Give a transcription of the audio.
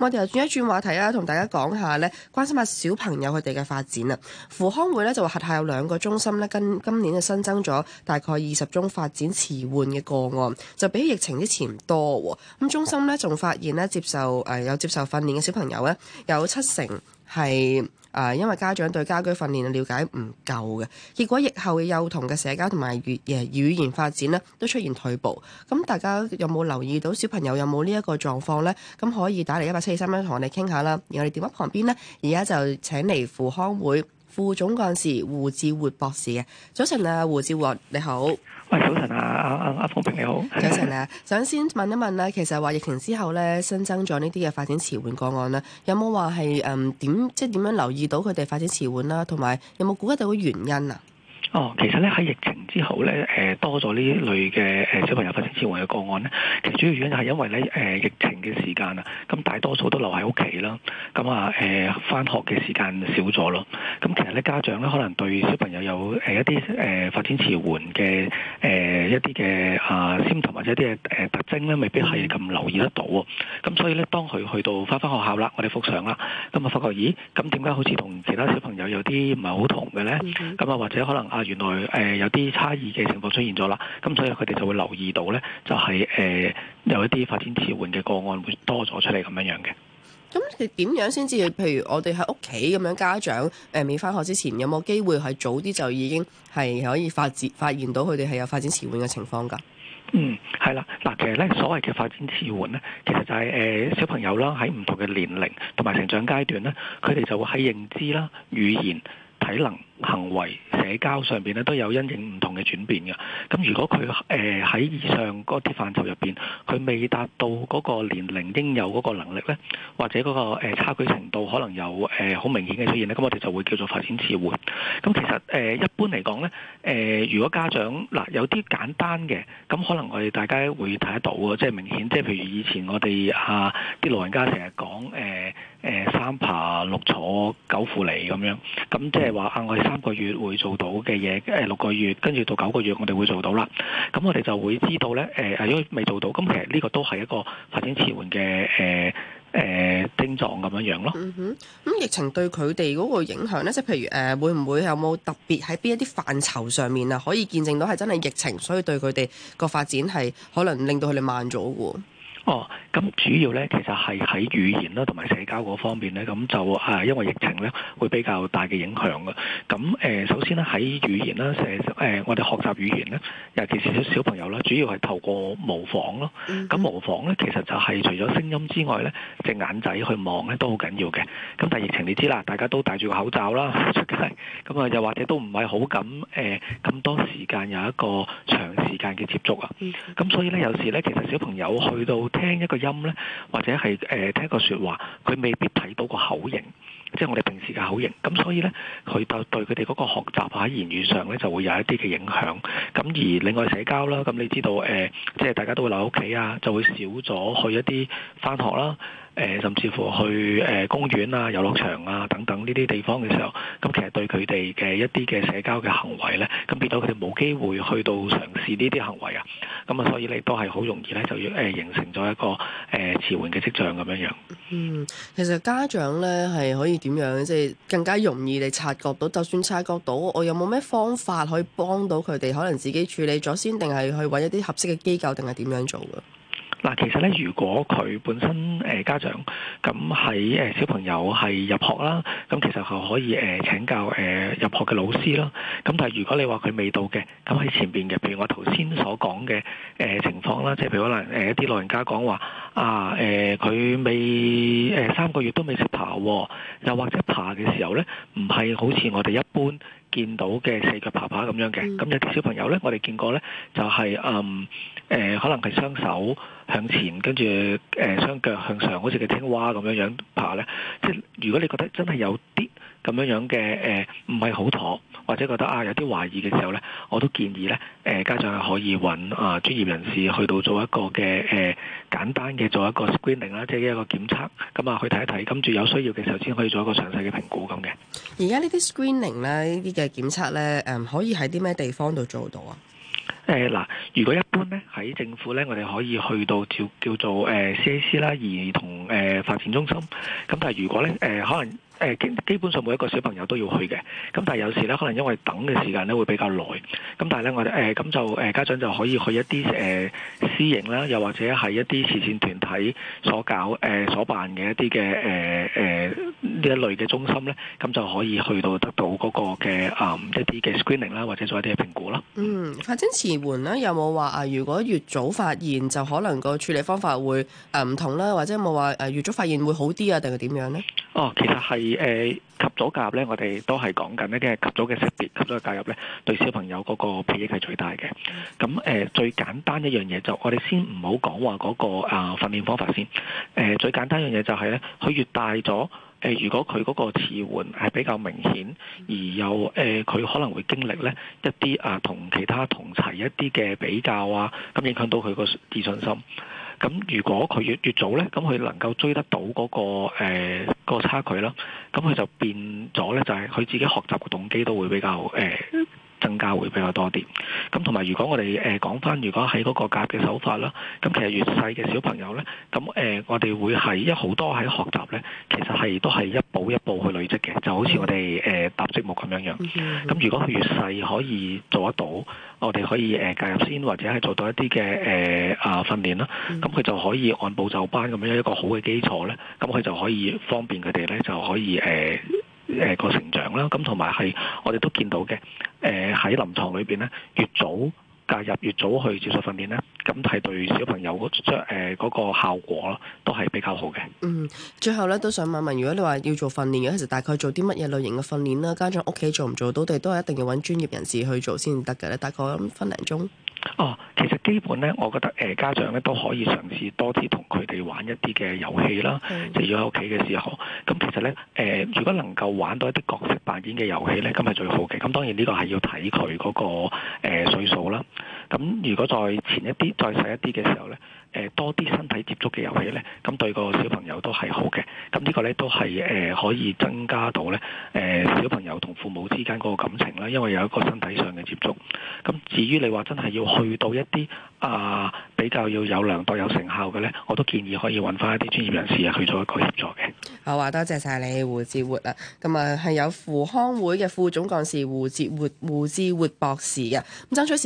我哋又轉一轉話題啊，同大家講下咧，關心下小朋友佢哋嘅發展啦。扶康會咧就話轄下有兩個中心咧，跟今年嘅新增咗大概二十宗發展遲緩嘅個案，就比起疫情之前多喎。咁中心咧仲發現咧，接受誒、呃、有接受訓練嘅小朋友咧，有七成係。啊，因為家長對家居訓練嘅了解唔夠嘅，結果疫後嘅幼童嘅社交同埋語嘅語言發展呢都出現退步。咁大家有冇留意到小朋友有冇呢一個狀況呢？咁可以打嚟一八七二三一一同我哋傾下啦。而我哋電話旁邊呢，而家就請嚟扶康會。副總幹事胡志活博士嘅，早晨啊，胡志活你好。喂，早晨啊，阿阿阿方平你好。 早晨啊，想先問一問咧，其實話疫情之後咧新增咗呢啲嘅發展遲緩個案咧，有冇話係誒點即係點樣留意到佢哋發展遲緩啦，同埋有冇估得到原因啊？哦，其實咧喺疫情之後咧，誒多咗呢一類嘅誒小朋友發展遲緩嘅個案咧，其實主要原因係因為咧誒疫情嘅時間啊，咁大多數都留喺屋企啦，咁啊誒返學嘅時間少咗咯，咁其實咧家長咧可能對小朋友有誒、呃、一啲誒發展遲緩嘅誒一啲嘅啊先頭或者一啲誒特徵咧未必係咁留意得到啊，咁所以咧當佢去到返返學校啦，我哋復常啦，咁啊發覺咦，咁點解好似同其他小朋友有啲唔係好同嘅咧？咁啊或者可能原來誒、呃、有啲差異嘅情況出現咗啦，咁、嗯、所以佢哋就會留意到咧，就係、是、誒、呃、有一啲發展遲緩嘅個案會多咗出嚟咁樣樣嘅。咁點樣先至？譬如我哋喺屋企咁樣，家長誒未翻學之前，有冇機會係早啲就已經係可以發現到佢哋係有發展遲緩嘅情況㗎？嗯，係啦，嗱，其實咧，所謂嘅發展遲緩咧，其實就係、是、誒、呃、小朋友啦，喺唔同嘅年齡同埋成長階段咧，佢哋就會喺認知啦、語言、體能、行為、社交上邊咧都有因應唔同嘅轉變嘅。咁如果佢誒喺以上嗰啲範疇入邊，佢未達到嗰個年齡應有嗰個能力咧，或者嗰、嗰個、呃、差距程度可能有誒好、呃、明顯嘅出現咧，咁我哋就會叫做發展遲緩。咁其實誒、呃、一般嚟講咧，誒、呃、如果家長嗱、呃、有啲簡單嘅，咁可能我哋大家會睇得到嘅，即係明顯，即係譬如以前我哋啊啲老人家成日講誒、呃誒、呃、三爬六坐九扶離咁樣，咁即係話啊，我哋三個月會做到嘅嘢，誒、呃、六個月跟住到九個月，我哋會做到啦。咁、嗯、我哋就會知道咧，誒、呃，如果未做到，咁、嗯、其實呢個都係一個發展遲緩嘅誒誒症狀咁樣樣咯。嗯咁、嗯、疫情對佢哋嗰個影響咧，即、就、係、是、譬如誒、呃，會唔會有冇特別喺邊一啲範疇上面啊，可以見證到係真係疫情，所以對佢哋個發展係可能令到佢哋慢咗㗎？咁、 哦、主要咧，其實係喺語言啦，同埋社交嗰方面咧，咁就誒、啊，因為疫情咧，會比較大嘅影響嘅。咁誒、呃，首先咧喺語言啦，社、呃、我哋學習語言咧，尤其是小朋友啦，主要係透過模仿咯。咁模仿咧，其實就係除咗聲音之外咧，隻眼仔去望咧都好緊要嘅。咁但係疫情你知啦，大家都戴住個口罩啦出街，咁啊又或者都唔係好咁誒咁多時間有一個長時間嘅接觸啊。咁所以咧有時咧，其實小朋友去到聽一個音呢，或者係誒、呃、聽一個説話，佢未必睇到個口型，即係我哋平時嘅口型。咁所以呢，佢就對佢哋嗰個學習啊言語上呢，就會有一啲嘅影響。咁而另外社交啦，咁你知道誒、呃，即係大家都會留喺屋企啊，就會少咗去一啲翻學啦。誒，甚至乎去誒公園啊、遊樂場啊等等呢啲地方嘅時候，咁其實對佢哋嘅一啲嘅社交嘅行為咧，咁變到佢哋冇機會去到嘗試呢啲行為啊，咁啊，所以你都係好容易咧，就要誒形成咗一個誒遲緩嘅跡象咁樣樣。嗯，其實家長咧係可以點樣，即係更加容易你察覺到，就算察覺到，我有冇咩方法可以幫到佢哋，可能自己處理咗先，定係去揾一啲合適嘅機構，定係點樣做嘅？嗱，其實咧，如果佢本身誒、呃、家長咁喺誒小朋友係入學啦，咁其實係可以誒、呃、請教誒、呃、入學嘅老師咯。咁但係如果你話佢未到嘅，咁喺前邊嘅，譬如我頭先所講嘅誒情況啦，即係譬如可能誒一啲老人家講話啊誒，佢、呃、未誒、呃、三個月都未識爬，又或者爬嘅時候咧，唔係好似我哋一般。見到嘅四腳爬爬咁樣嘅，咁有啲小朋友咧，我哋見過咧，就係、是、誒、嗯呃、可能係雙手向前，跟住誒、呃、雙腳向上，好似個青蛙咁樣樣爬咧。即係如果你覺得真係有啲咁樣樣嘅誒，唔係好妥。或者覺得啊有啲懷疑嘅時候呢，我都建議呢誒、呃、家長可以揾啊、呃、專業人士去到做一個嘅誒、呃、簡單嘅做一個 screening 啦、啊，即係一個檢測，咁啊去睇一睇，跟住有需要嘅時候先可以做一個詳細嘅評估咁嘅。而家呢啲 screening 呢，呢啲嘅檢測呢，嗯，可以喺啲咩地方度做到啊？誒嗱、呃，如果一般呢喺政府呢，我哋可以去到叫叫做誒、呃、C A C 啦，兒童誒、呃、發展中心。咁但係如果呢，誒、呃、可能。誒基本上每一個小朋友都要去嘅，咁但係有時咧，可能因為等嘅時間咧會比較耐，咁但係咧我哋誒咁就誒家長就可以去一啲誒、呃、私營啦，又或者係一啲慈善團體所搞誒、呃、所辦嘅一啲嘅誒誒呢一類嘅中心咧，咁就可以去到得到嗰個嘅誒、呃、一啲嘅 screening 啦，或者做一啲嘅評估咯。嗯，發展遲緩咧有冇話啊？如果越早發現就可能個處理方法會誒唔同啦，或者有冇話誒越早發現會好啲啊，定係點樣咧？哦，其實係。誒及早介入咧，我哋都係講緊咧，即係及早嘅識別、及早嘅介入咧，對小朋友嗰個裨益係最大嘅。咁誒、呃、最簡單一樣嘢就，我哋先唔好講話嗰個啊訓練方法先。誒、呃、最簡單一樣嘢就係咧，佢越大咗，誒、呃、如果佢嗰個遲緩係比較明顯，而有誒佢、呃、可能會經歷咧一啲啊同其他同儕一啲嘅比較啊，咁、嗯、影響到佢個自信心。咁如果佢越越早呢，咁佢能夠追得到嗰個誒個差距啦，咁佢就變咗呢，就係佢自己學習嘅動機都會比較誒。呃增加會比較多啲，咁同埋如果我哋誒講返，呃、如果喺嗰個教嘅手法啦，咁其實越細嘅小朋友咧，咁誒、呃、我哋會係一好多喺學習咧，其實係都係一步一步去累積嘅，就好似我哋誒、呃、搭積木咁樣樣。咁、嗯、如果佢越細可以做得到，我哋可以誒、呃、介入先，或者係做到一啲嘅誒啊訓練啦。咁佢就可以按部就班咁樣一個好嘅基礎咧，咁佢就可以方便佢哋咧就可以誒。呃誒個成長啦，咁同埋係我哋都見到嘅，誒喺臨床裏邊咧，越早介入、越早去接受訓練咧，咁係對小朋友嗰誒個效果咯，都係比較好嘅。嗯，最後咧都想問問，如果你話要做訓練嘅時候，大概做啲乜嘢類型嘅訓練啦？家長屋企做唔做到哋，都係一定要搵專業人士去做先得嘅咧。大概分零鐘。哦，其實基本咧，我覺得誒、呃，家長咧都可以嘗試多啲同佢哋玩一啲嘅遊戲啦，嗯、就要喺屋企嘅時候。咁其實咧，誒、呃，如果能夠玩到一啲角色扮演嘅遊戲咧，咁係最好嘅。咁當然呢個係要睇佢嗰個誒歲數啦。咁如果再前一啲、再細一啲嘅時候呢，誒多啲身體接觸嘅遊戲呢，咁對個小朋友都係好嘅。咁呢個呢，都係誒可以增加到呢誒小朋友同父母之間嗰個感情啦，因為有一個身體上嘅接觸。咁至於你話真係要去到一啲啊、呃、比較要有良多有成效嘅呢，我都建議可以揾翻一啲專業人士啊去做一個協助嘅。好啊，多謝晒你胡志活啦。咁啊，係有扶康會嘅副總幹事胡志活，胡志活博士嘅咁爭取